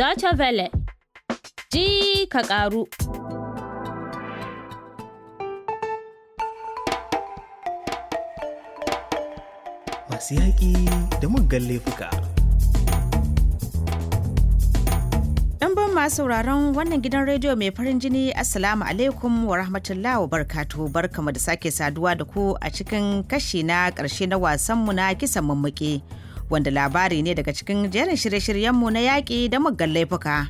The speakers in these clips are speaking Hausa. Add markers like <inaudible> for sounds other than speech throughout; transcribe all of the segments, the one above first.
Deutsche Welle ji ka ƙaru. Masu yaƙi da muggan laifuka. Ɗanban masu sauraron wannan gidan rediyo mai farin jini Assalamu alaikum wa rahmatullahi wa barkatu barkamu da sake saduwa da ku a cikin kashi na ƙarshe na wasanmu na kisan mammuke. wanda labari ne daga cikin jerin shirye-shiryenmu na yaƙi da muggan laifuka.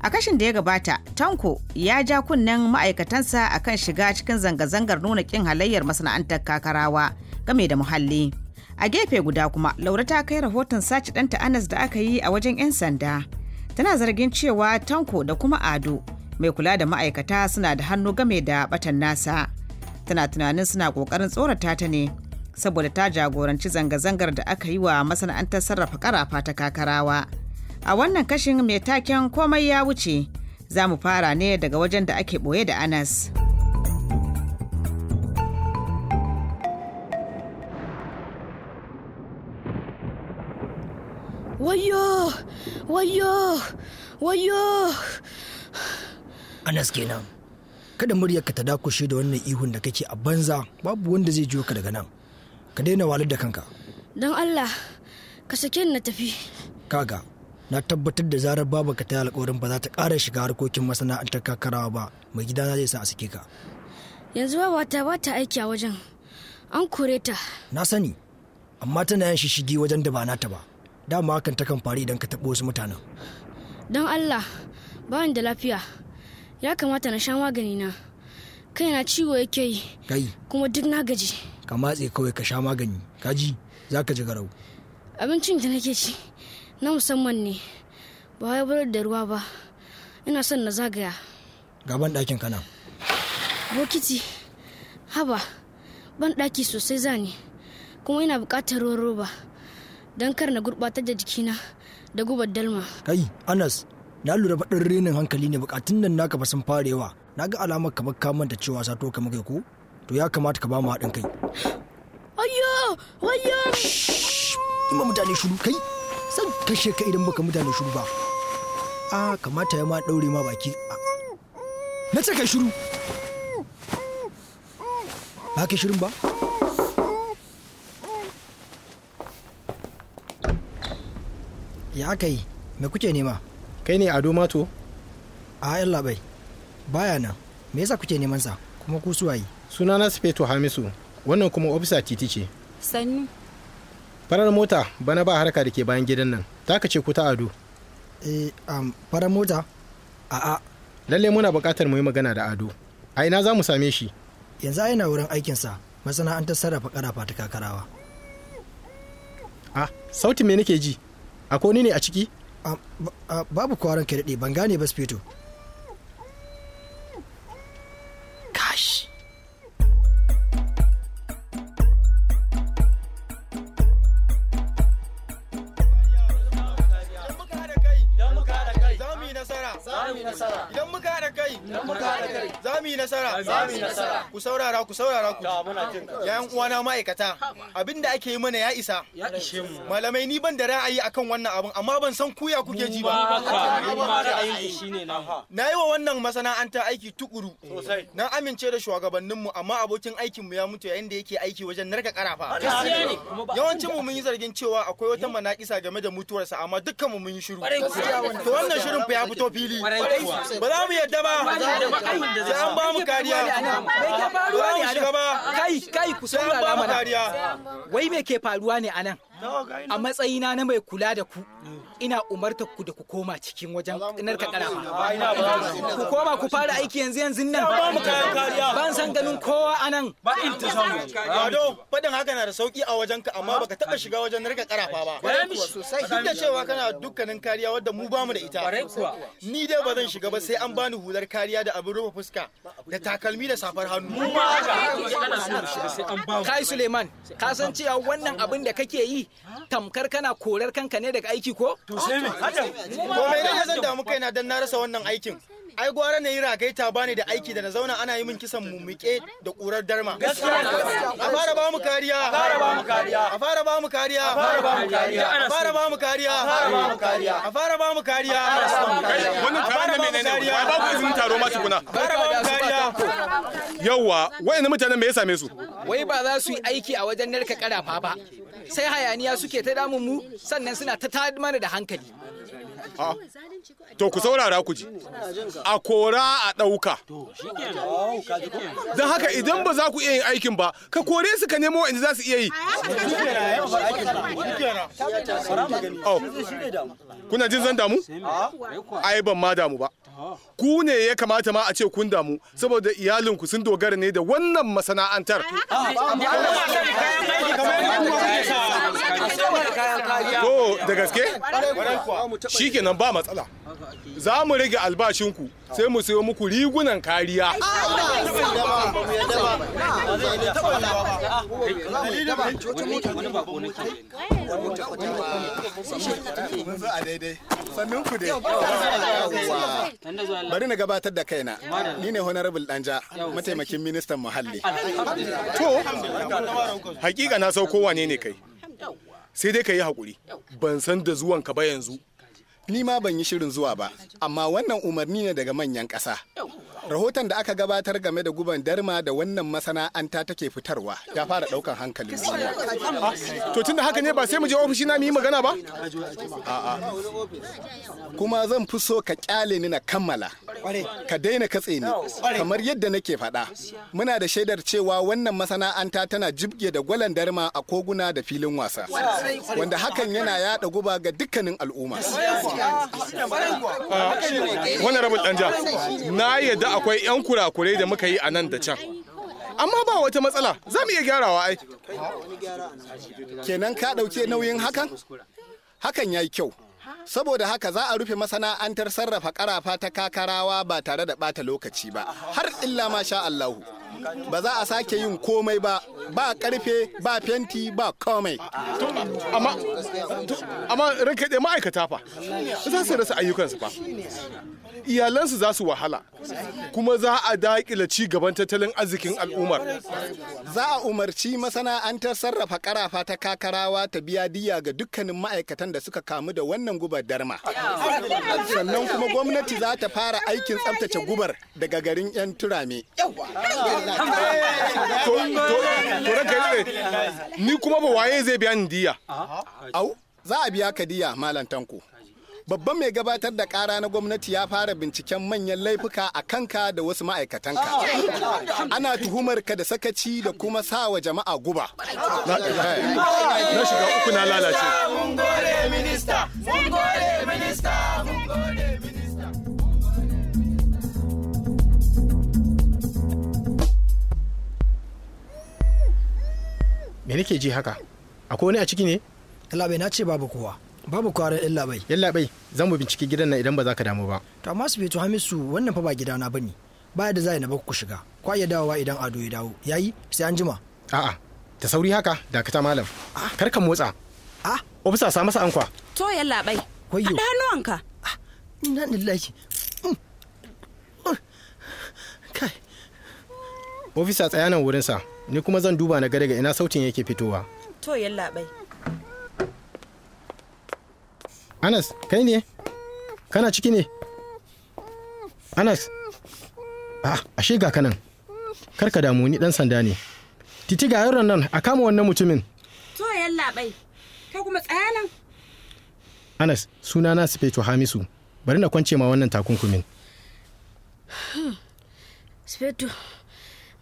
A kashin da ya gabata, Tanko ya ja kunnen ma'aikatansa a kan shiga cikin zanga-zangar nuna ƙin halayyar masana'antar kakarawa game da muhalli. A gefe guda kuma, Laura ta kai rahoton sace ɗanta Anas da aka yi a wajen 'yan sanda. Tana zargin cewa Tanko da kuma Ado, mai kula da ma'aikata suna da hannu game da batan nasa. Tana tunanin suna ƙoƙarin tsorata ta ne, saboda ta jagoranci zanga-zangar da aka yi wa masana'antar sarrafa karafa ta kakarawa a wannan kashin mai taken komai ya wuce za mu fara ne daga wajen da ake ɓoye da anas wayo wayo wayo anas kenan kada muryarka ta dakushe da wannan ihun da kake a banza babu wanda zai ka daga nan ka daina walar da kanka don allah ka sake ni na tafi kaga na tabbatar da zarar babu ka ta alkawarin ba za ta ƙara shiga harkokin masana'antar kakarawa ba mai gida gidana zai sa a sake ka yanzu ba ta ba ta aiki a wajen an kore ta na sani amma tana yin shishigi wajen da ba nata ba dama hakan takan faru idan ka taɓo wasu mutanen don allah ba da lafiya ya kamata na sha magani na kai na ciwo yake yi kai kuma duk na gaji ka matse kawai ka sha magani kaji za ka ji garau abincin da nake ci na musamman ne ba wai bar da ruwa ba ina son na zagaya gaban ɗakin kana bokiti haba ban ɗaki sosai zane kuma ina buƙatar ruwan roba don kar na gurɓatar da jikina da gubar dalma kai anas na lura faɗin renin hankali ne bukatun nan naka ba sun farewa na ga alamar kamar ka manta cewa sato kamar kai ko to ya kamata ka ba mu haɗin kai ayyo ayya ima mutane shuru kai san kashe ka idan baka mutane shuru ba a kamata ya ma ɗaure ma baki na ce kai shuru ba ka shirin ba ya kai me kuke nema kai ne ado mato a yalla bai baya nan me yasa kuke neman sa kuma ku suwaye na sufeto hamisu wannan kuma ofisa titi ce sannu farar mota bana ba harka da ke bayan gidan nan taka ce ku ta ado eh um, farar mota a lalle muna buƙatar mu yi magana da ado a ina za mu same shi yanzu a yana wurin aikin aikinsa masana'antar sarrafa karafa ta kakarawa ah sautin me nake ji akwai ni ne a ciki babu kwaron ka daɗe ban gane ba su speto mu nasara idan muka haɗa kai idan muka haɗa kai za mu yi nasara za mu yi nasara ku saurara ku saurara ku yayan uwana ma'aikata abin da ake yi mana ya isa ya ishe mu malamai ni ban da ra'ayi akan wannan abin amma ban san kuya kuke ji ba na yi wa wannan masana'anta aiki tukuru na amince da shugabanninmu amma abokin aikinmu ya mutu yayin da yake aiki wajen narka karafa yawancin mu mun yi zargin cewa akwai wata manakisa game da mutuwarsa amma dukkan mu mun yi shiru to wannan shirin fa ya fito fili ba za mu yadda ba sai an ba mu kariya ba za mu shiga ba kai kai ku saurara mana wai me ke faruwa ne anan a matsayina na mai kula da ku ina umartar ku da ku koma cikin wajen narka karama ku koma ku fara aiki yanzu yanzu nan ban san ganin kowa anan ba in ta samu ado fadin haka na da sauki a wajen ka amma baka taba shiga wajen narka karafa ba sosai duk da cewa kana dukkanin kariya wadda mu bamu da ita ni dai ba zan shiga ba sai an bani hular kariya da abin rufe fuska da takalmi da safar hannu mu ma haka kai Suleiman ka san cewa wannan abin da kake yi tamkar kana korar kanka ne daga aiki ko to sai me hajan me ne zan damu kaina dan na rasa wannan aikin ai gwara na yi ragaita bani da aiki da na zauna ana yi min kisan mummuke da kurar darma a fara ba mu kariya a fara ba mu kariya a fara ba mu kariya a fara ba mu kariya a fara ba mu kariya a fara ba mu kariya a fara ba mu kariya wannan taron da menene ne? ba ku izinin taro ma tukuna a fara ba mu kariya yawwa wayannan mutanen me ya same su wai ba za su yi aiki a wajen narka karafa ba sai hayaniya suke ta damun mu sannan suna ta mana da hankali ah. To ku saurara ku ji. A kora a ɗauka. Don haka idan ba za ku iya yin aikin ba, ka kore su ka nemo inda za su iya yi. Oh, kuna jin zan damu? Ai ban ma damu ba. Ku ne ya kamata ma a ce kun damu saboda iyalinku sun dogara ne da wannan masana'antar. To da gaske? Shi kenan ba matsala. za mu rage albashinku sai mu sayo muku rigunan kariya bari na gabatar da kaina ni ne honorable danja mataimakin ministan muhalli to hakika na sauko kowane ne kai sai dai ka yi haƙuri ban san da zuwanka ba yanzu Ni ma ban yi shirin zuwa ba, amma wannan umarni ne daga manyan ƙasa. Rahoton da aka gabatar game da guban darma da wannan masana'anta take fitarwa ya fara ɗaukan hankalin duniya. To tunda haka ne ba sai mu je ofishi na mu yi magana ba? A'a. Kuma zan fi so ka kyale ni na kammala. Ka daina katse ni. Kamar yadda nake faɗa. Muna da shaidar cewa wannan masana'anta tana jibge da gwalan darma a koguna da filin wasa. Wanda hakan yana yaɗa guba ga dukkanin al'umma. wani rabin danja na yadda akwai 'yan kurakurai da muka yi a nan da can amma ba wata matsala za mu iya gyarawa ai kenan ka ɗauke nauyin hakan hakan ya yi kyau saboda haka za a rufe masana'antar sarrafa karafa ta kakarawa ba tare da bata lokaci ba har illa masha Allahu ba za a sake yin komai ba ba karfe ba fenti ba komai amma ranka ma'aikata fa za su rasa ayyukansu ba. iyalansu za su wahala kuma za a daƙila ci gaban tattalin arzikin al'ummar za a umarci masana'antar sarrafa karafa ta kakarawa ta biya diya ga dukkanin ma'aikatan da suka kamu da wannan gubar darma sannan kuma gwamnati za ta fara aikin tsaftace gubar daga garin 'yan turame ni kuma ba waye zai biya ni diya za a biya ka diya malam babban mai gabatar da ƙara na gwamnati ya fara binciken manyan laifuka a kanka da wasu ma'aikatanka ana tuhumar ka da sakaci da kuma sa wa jama'a guba na eh, shiga uku me nake ji haka akwai wani a ciki ne Allah na ce babu kowa babu kwarar illa bai illa bai zan mu binciki gidan nan idan ba za ka damu ba to amma su beto hamisu wannan fa ba gidana bane ba da za na ba ku shiga kwa iya dawowa idan ado ya dawo yayi sai an jima a'a ta sauri haka dakata malam ah. kar ka motsa a ah. ofisa sa masa ankwa to yalla bai wayyo da hannuwanka ah, inna lillahi mm. oh. kai ofisa tsaya nan wurinsa ni kuma zan duba na ga daga ina sautin yake fitowa to yalla bai Anas, kai ne? Kana ciki ne? Anas, ah, ashe ga kanan. Kar ka damu ni dan sanda ne. Titi ga yaron nan a kama wannan mutumin. To yallaɓai, kai kuma tsaya nan. Anas, sunana Sufeto Hamisu. Bari na kwance ma wannan takunkumin. <sighs> Sufeto,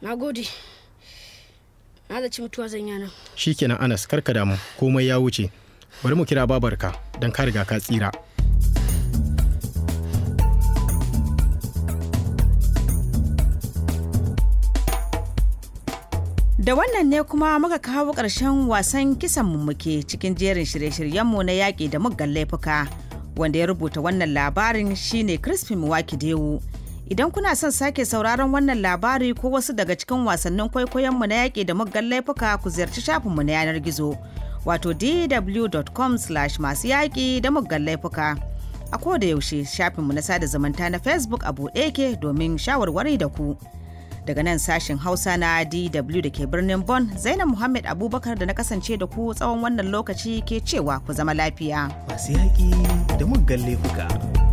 na gode. Na zaci mutuwa zan yana. kenan Anas, kar ka damu, komai ya wuce. bari mu kira babarka don ka riga ka tsira Da wannan ne kuma muka kawo ƙarshen wasan kisan mummuke cikin jerin shirye-shiryenmu na yaƙi da muggan laifuka wanda ya rubuta wannan labarin shine Crispin Wakidewu. Idan kuna son sake sauraron wannan labari ko wasu daga cikin wasannin kwaikwayonmu na yaƙi da muggan laifuka ku ziyarci shafinmu na yanar gizo wato dw.com masu yaƙi da muggan laifuka. A koda yaushe shafinmu na sada zumunta na Facebook a buɗe yake domin shawarwari da ku. Daga nan sashen Hausa na DW da ke birnin Bon, Zainab Muhammad Abubakar da na kasance da ku tsawon wannan lokaci ke cewa ku zama lafiya. Masu yaƙi da muggan laifuka.